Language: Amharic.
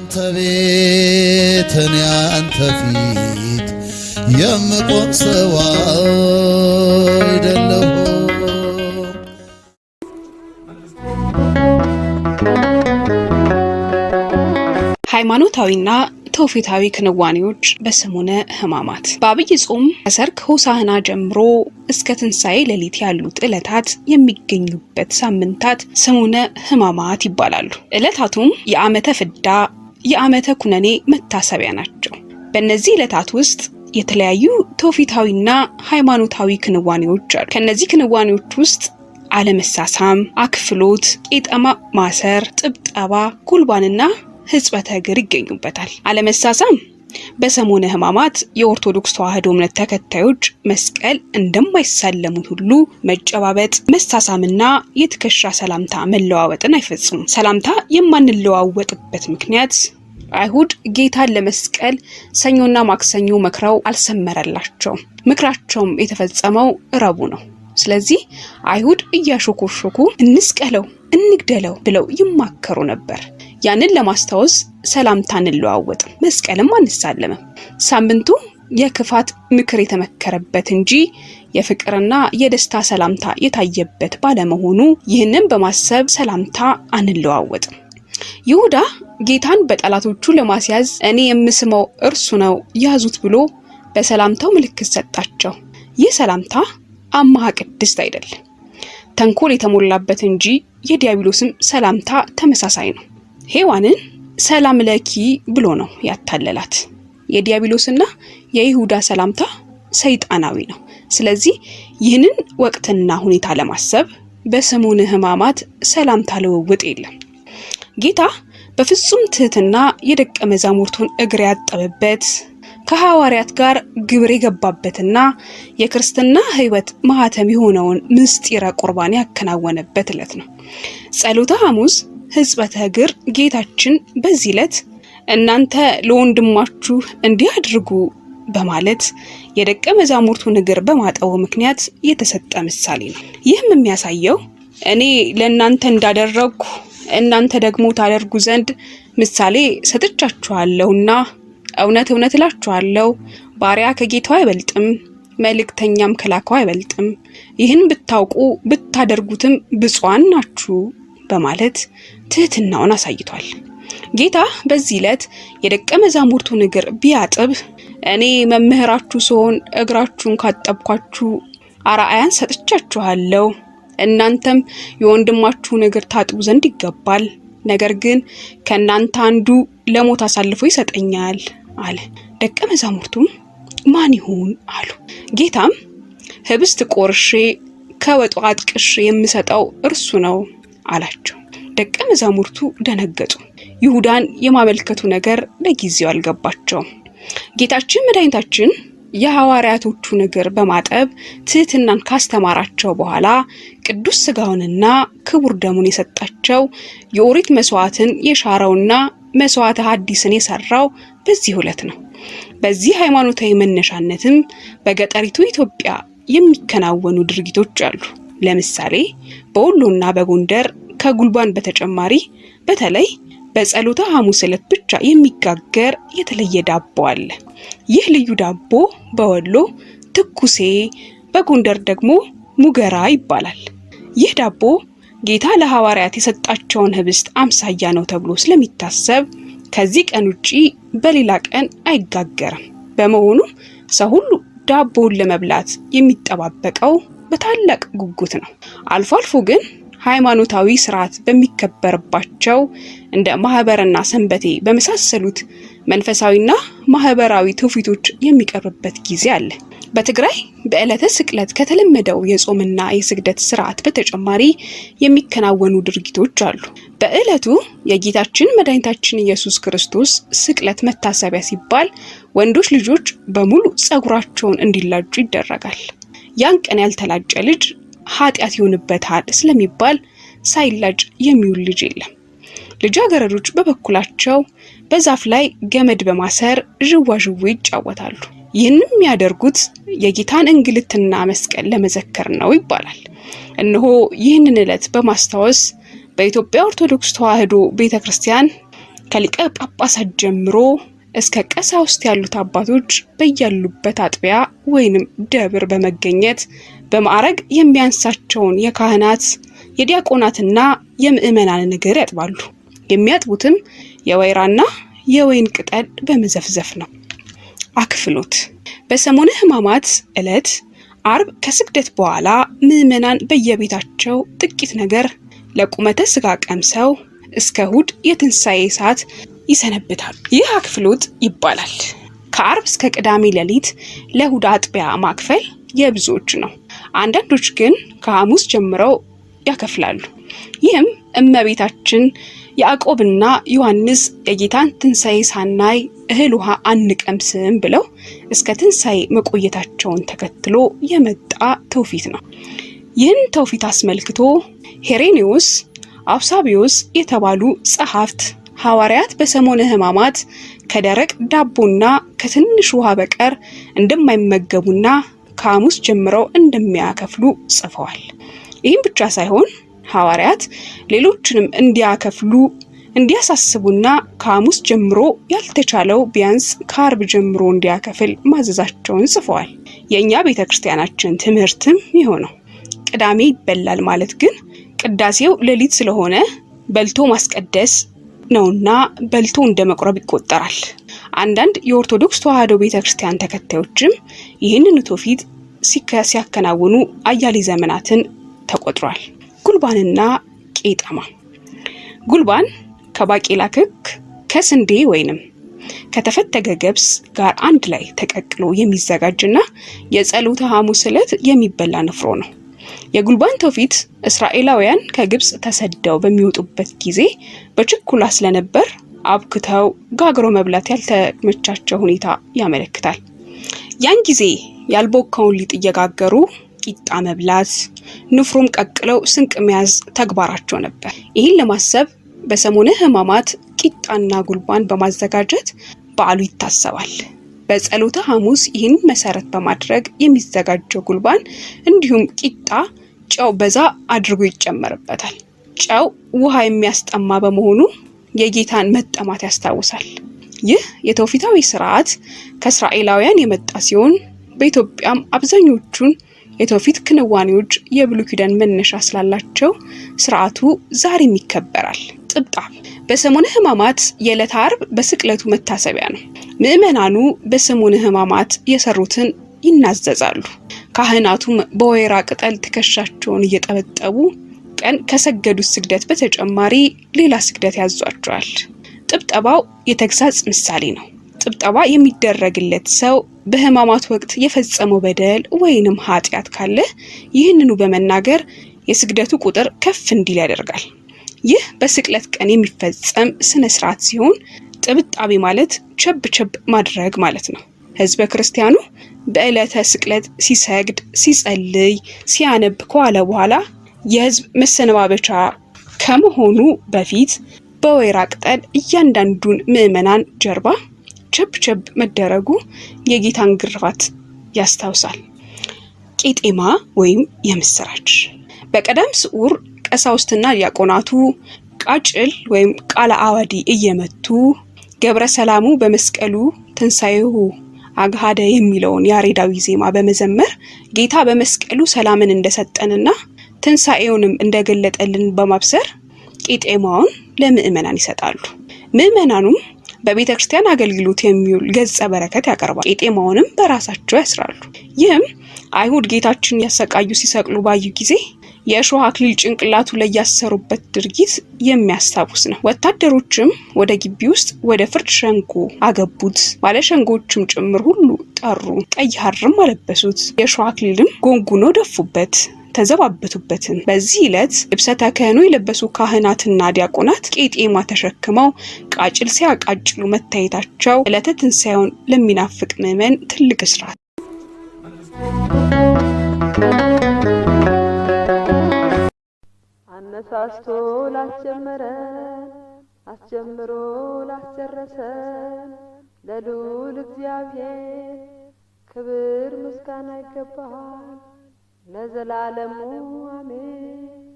አንተ ቤት እኔ አንተ ፊት የምቆም ሰው አይደለሁም። ሃይማኖታዊና ትውፊታዊ ክንዋኔዎች በሰሙነ ሕማማት በአብይ ጾም ከሰርክ ሆሳህና ጀምሮ እስከ ትንሣኤ ሌሊት ያሉት ዕለታት የሚገኙበት ሳምንታት ሰሙነ ሕማማት ይባላሉ። ዕለታቱም የዓመተ ፍዳ፣ የዓመተ ኩነኔ መታሰቢያ ናቸው። በእነዚህ ዕለታት ውስጥ የተለያዩ ትውፊታዊና ሃይማኖታዊ ክንዋኔዎች አሉ። ከእነዚህ ክንዋኔዎች ውስጥ አለመሳሳም፣ አክፍሎት፣ ቄጠማ ማሰር፣ ጥብጠባ፣ ጉልባንና ህጽበተ እግር ይገኙበታል። አለመሳሳም በሰሞነ ሕማማት የኦርቶዶክስ ተዋሕዶ እምነት ተከታዮች መስቀል እንደማይሳለሙት ሁሉ መጨባበጥ፣ መሳሳምና የትከሻ ሰላምታ መለዋወጥን አይፈጽሙም። ሰላምታ የማንለዋወጥበት ምክንያት አይሁድ ጌታን ለመስቀል ሰኞና ማክሰኞ መክረው አልሰመረላቸውም። ምክራቸውም የተፈጸመው ረቡ ነው። ስለዚህ አይሁድ እያሾኮሾኩ እንስቀለው፣ እንግደለው ብለው ይማከሩ ነበር። ያንን ለማስታወስ ሰላምታ እንለዋወጥም፣ መስቀልም አንሳለምም። ሳምንቱ የክፋት ምክር የተመከረበት እንጂ የፍቅርና የደስታ ሰላምታ የታየበት ባለመሆኑ ይህንን በማሰብ ሰላምታ አንለዋወጥም። ይሁዳ ጌታን በጠላቶቹ ለማስያዝ እኔ የምስመው እርሱ ነው ያዙት ብሎ በሰላምታው ምልክት ሰጣቸው። ይህ ሰላምታ አማሃ ቅድስት አይደለም፣ ተንኮል የተሞላበት እንጂ የዲያብሎስም ሰላምታ ተመሳሳይ ነው። ሔዋንን ሰላም ለኪ ብሎ ነው ያታለላት። የዲያብሎስና የይሁዳ ሰላምታ ሰይጣናዊ ነው። ስለዚህ ይህንን ወቅትና ሁኔታ ለማሰብ በሰሙነ ሕማማት ሰላምታ ልውውጥ የለም። ጌታ በፍጹም ትህትና የደቀ መዛሙርቱን እግር ያጠበበት ከሐዋርያት ጋር ግብር የገባበትና የክርስትና ሕይወት ማህተም የሆነውን ምስጢረ ቁርባን ያከናወነበት ዕለት ነው። ጸሎተ ሐሙስ ሕጽበተ እግር ጌታችን በዚህ ዕለት እናንተ ለወንድማችሁ እንዲህ አድርጉ በማለት የደቀ መዛሙርቱን እግር በማጠቡ ምክንያት የተሰጠ ምሳሌ ነው። ይህም የሚያሳየው እኔ ለእናንተ እንዳደረግኩ እናንተ ደግሞ ታደርጉ ዘንድ ምሳሌ ሰጥቻችኋለሁና እውነት እውነት እላችኋለሁ ባሪያ ከጌታው አይበልጥም፣ መልእክተኛም ከላከው አይበልጥም። ይህን ብታውቁ ብታደርጉትም ብፁዓን ናችሁ በማለት ትህትናውን አሳይቷል። ጌታ በዚህ ዕለት የደቀ መዛሙርቱን እግር ቢያጥብ እኔ መምህራችሁ ስሆን እግራችሁን ካጠብኳችሁ አርአያን ሰጥቻችኋለሁ፣ እናንተም የወንድማችሁን እግር ታጥቡ ዘንድ ይገባል፣ ነገር ግን ከእናንተ አንዱ ለሞት አሳልፎ ይሰጠኛል አለ። ደቀ መዛሙርቱም ማን ይሆን አሉ። ጌታም ህብስት ቆርሼ ከወጡ አጥቅሼ የምሰጠው እርሱ ነው አላቸው። ደቀ መዛሙርቱ ደነገጡ። ይሁዳን የማመልከቱ ነገር ለጊዜው አልገባቸውም። ጌታችን መድኃኒታችን የሐዋርያቶቹ እግር በማጠብ ትህትናን ካስተማራቸው በኋላ ቅዱስ ስጋውንና ክቡር ደሙን የሰጣቸው የኦሪት መስዋዕትን የሻረውና መስዋዕተ ሐዲስን የሰራው በዚህ ዕለት ነው። በዚህ ሃይማኖታዊ መነሻነትም በገጠሪቱ ኢትዮጵያ የሚከናወኑ ድርጊቶች አሉ። ለምሳሌ በወሎና በጎንደር ከጉልባን በተጨማሪ በተለይ በጸሎተ ሐሙስ ዕለት ብቻ የሚጋገር የተለየ ዳቦ አለ። ይህ ልዩ ዳቦ በወሎ ትኩሴ፣ በጎንደር ደግሞ ሙገራ ይባላል። ይህ ዳቦ ጌታ ለሐዋርያት የሰጣቸውን ህብስት አምሳያ ነው ተብሎ ስለሚታሰብ ከዚህ ቀን ውጪ በሌላ ቀን አይጋገርም። በመሆኑ ሰው ሁሉ ዳቦውን ለመብላት የሚጠባበቀው በታላቅ ጉጉት ነው። አልፎ አልፎ ግን ሃይማኖታዊ ስርዓት በሚከበርባቸው እንደ ማህበርና ሰንበቴ በመሳሰሉት መንፈሳዊና ማህበራዊ ትውፊቶች የሚቀርብበት ጊዜ አለ። በትግራይ በዕለተ ስቅለት ከተለመደው የጾምና የስግደት ስርዓት በተጨማሪ የሚከናወኑ ድርጊቶች አሉ። በዕለቱ የጌታችን መድኃኒታችን ኢየሱስ ክርስቶስ ስቅለት መታሰቢያ ሲባል ወንዶች ልጆች በሙሉ ጸጉራቸውን እንዲላጩ ይደረጋል። ያን ቀን ያልተላጨ ልጅ ኃጢአት ይሆንበታል ስለሚባል ሳይላጭ የሚውል ልጅ የለም። ልጃገረዶች በበኩላቸው በዛፍ ላይ ገመድ በማሰር ዥዋዥዌ ይጫወታሉ። ይህንም የሚያደርጉት የጌታን እንግልትና መስቀል ለመዘከር ነው ይባላል። እነሆ ይህንን ዕለት በማስታወስ በኢትዮጵያ ኦርቶዶክስ ተዋሕዶ ቤተ ክርስቲያን ከሊቀ ጳጳሳት ጀምሮ እስከ ቀሳውስት ያሉት አባቶች በያሉበት አጥቢያ ወይንም ደብር በመገኘት በማዕረግ የሚያንሳቸውን የካህናት የዲያቆናትና የምዕመናንን እግር ያጥባሉ። የሚያጥቡትም የወይራና የወይን ቅጠል በመዘፍዘፍ ነው። አክፍሎት በሰሞነ ሕማማት ዕለት አርብ ከስግደት በኋላ ምዕመናን በየቤታቸው ጥቂት ነገር ለቁመተ ስጋ ቀምሰው እስከ እሁድ የትንሣኤ ሰዓት ይሰነብታል። ይህ አክፍሎት ይባላል። ከአርብ እስከ ቅዳሜ ሌሊት ለእሁድ አጥቢያ ማክፈል የብዙዎች ነው። አንዳንዶች ግን ከሐሙስ ጀምረው ያከፍላሉ። ይህም እመቤታችን ያዕቆብና ዮሐንስ የጌታን ትንሣኤ ሳናይ እህል ውሃ አንቀምስም ብለው እስከ ትንሣኤ መቆየታቸውን ተከትሎ የመጣ ትውፊት ነው። ይህን ትውፊት አስመልክቶ ሄሬኔዎስ፣ አብሳቢዎስ የተባሉ ጸሐፍት ሐዋርያት በሰሞነ ሕማማት ከደረቅ ዳቦና ከትንሽ ውሃ በቀር እንደማይመገቡና ከሐሙስ ጀምረው እንደሚያከፍሉ ጽፈዋል። ይህም ብቻ ሳይሆን ሐዋርያት ሌሎችንም እንዲያከፍሉ እንዲያሳስቡና ከሐሙስ ጀምሮ ያልተቻለው ቢያንስ ከአርብ ጀምሮ እንዲያከፍል ማዘዛቸውን ጽፈዋል። የእኛ ቤተ ክርስቲያናችን ትምህርትም ይሆነው ቅዳሜ ይበላል ማለት ግን ቅዳሴው ሌሊት ስለሆነ በልቶ ማስቀደስ ነውና በልቶ እንደ መቁረብ ይቆጠራል። አንዳንድ የኦርቶዶክስ ተዋህዶ ቤተ ክርስቲያን ተከታዮችም ይህንን ትውፊት ሲያከናውኑ አያሌ ዘመናትን ተቆጥሯል። ጉልባንና ቄጠማ ጉልባን ከባቄላ ክክ ከስንዴ ወይንም ከተፈተገ ገብስ ጋር አንድ ላይ ተቀቅሎ የሚዘጋጅና የጸሎተ ሐሙስ ዕለት የሚበላ ንፍሮ ነው። የጉልባን ተውፊት እስራኤላውያን ከግብፅ ተሰደው በሚወጡበት ጊዜ በችኩላ ስለነበር አብክተው ጋግሮ መብላት ያልተመቻቸው ሁኔታ ያመለክታል። ያን ጊዜ ያልቦካውን ሊጥ እየጋገሩ ቂጣ መብላት፣ ንፍሮም ቀቅለው ስንቅ መያዝ ተግባራቸው ነበር። ይህን ለማሰብ በሰሞነ ሕማማት ቂጣና ጉልባን በማዘጋጀት በዓሉ ይታሰባል። በጸሎተ ሐሙስ ይህን መሰረት በማድረግ የሚዘጋጀው ጉልባን እንዲሁም ቂጣ ጨው በዛ አድርጎ ይጨመርበታል። ጨው ውሃ የሚያስጠማ በመሆኑ የጌታን መጠማት ያስታውሳል። ይህ የትውፊታዊ ስርዓት ከእስራኤላውያን የመጣ ሲሆን በኢትዮጵያም አብዛኞቹን የትውፊት ክንዋኔዎች የብሉይ ኪዳን መነሻ ስላላቸው ስርዓቱ ዛሬም ይከበራል። ጥብጣብ በሰሙነ ሕማማት የዕለት አርብ በስቅለቱ መታሰቢያ ነው። ምዕመናኑ በሰሙነ ሕማማት የሰሩትን ይናዘዛሉ። ካህናቱም በወይራ ቅጠል ትከሻቸውን እየጠበጠቡ ቀን ከሰገዱት ስግደት በተጨማሪ ሌላ ስግደት ያዟቸዋል። ጥብጠባው የተግሳጽ ምሳሌ ነው። ጥብጠባ የሚደረግለት ሰው በሕማማት ወቅት የፈጸመው በደል ወይንም ኃጢአት ካለ ይህንኑ በመናገር የስግደቱ ቁጥር ከፍ እንዲል ያደርጋል። ይህ በስቅለት ቀን የሚፈጸም ስነ ስርዓት ሲሆን ጥብጣቤ ማለት ቸብ ቸብ ማድረግ ማለት ነው። ህዝበ ክርስቲያኑ በዕለተ ስቅለት ሲሰግድ፣ ሲጸልይ፣ ሲያነብ ከዋለ በኋላ የህዝብ መሰነባበቻ ከመሆኑ በፊት በወይራ ቅጠል እያንዳንዱን ምዕመናን ጀርባ ቸብ ቸብ መደረጉ የጌታን ግርፋት ያስታውሳል። ቄጤማ ወይም የምስራች በቀዳም ስዑር ቀሳውስትና ዲያቆናቱ ቃጭል ወይም ቃለ አዋዲ እየመቱ ገብረ ሰላሙ በመስቀሉ ትንሣኤሁ አግሃደ የሚለውን ያሬዳዊ ዜማ በመዘመር ጌታ በመስቀሉ ሰላምን እንደሰጠንና ትንሣኤውንም እንደገለጠልን በማብሰር ቄጤማውን ለምእመናን ይሰጣሉ። ምእመናኑም በቤተ ክርስቲያን አገልግሎት የሚውል ገጸ በረከት ያቀርባል። ቄጤማውንም በራሳቸው ያስራሉ። ይህም አይሁድ ጌታችን ያሰቃዩ ሲሰቅሉ ባዩ ጊዜ የእሾህ አክሊል ጭንቅላቱ ላይ ያሰሩበት ድርጊት የሚያስታውስ ነው። ወታደሮችም ወደ ግቢ ውስጥ ወደ ፍርድ ሸንጎ አገቡት። ባለሸንጎዎችም ጭምር ሁሉ ጠሩ። ቀይ ሐርም አለበሱት። የእሾህ አክሊልም ጎንጉኖ ደፉበት ተዘባበቱበትም። በዚህ ዕለት ልብሰ ተክህኖ የለበሱ ካህናትና ዲያቆናት ቄጤማ ተሸክመው ቃጭል ሲያቃጭሉ መታየታቸው ዕለተ ትንሣኤውን ለሚናፍቅ ምዕመን ትልቅ እስራት አነሳስቶ ላስጀመረን አስጀምሮ ላስጨረሰን ለልዑል እግዚአብሔር ክብር ምስጋና ይገባል ለዘላለሙ አሜን።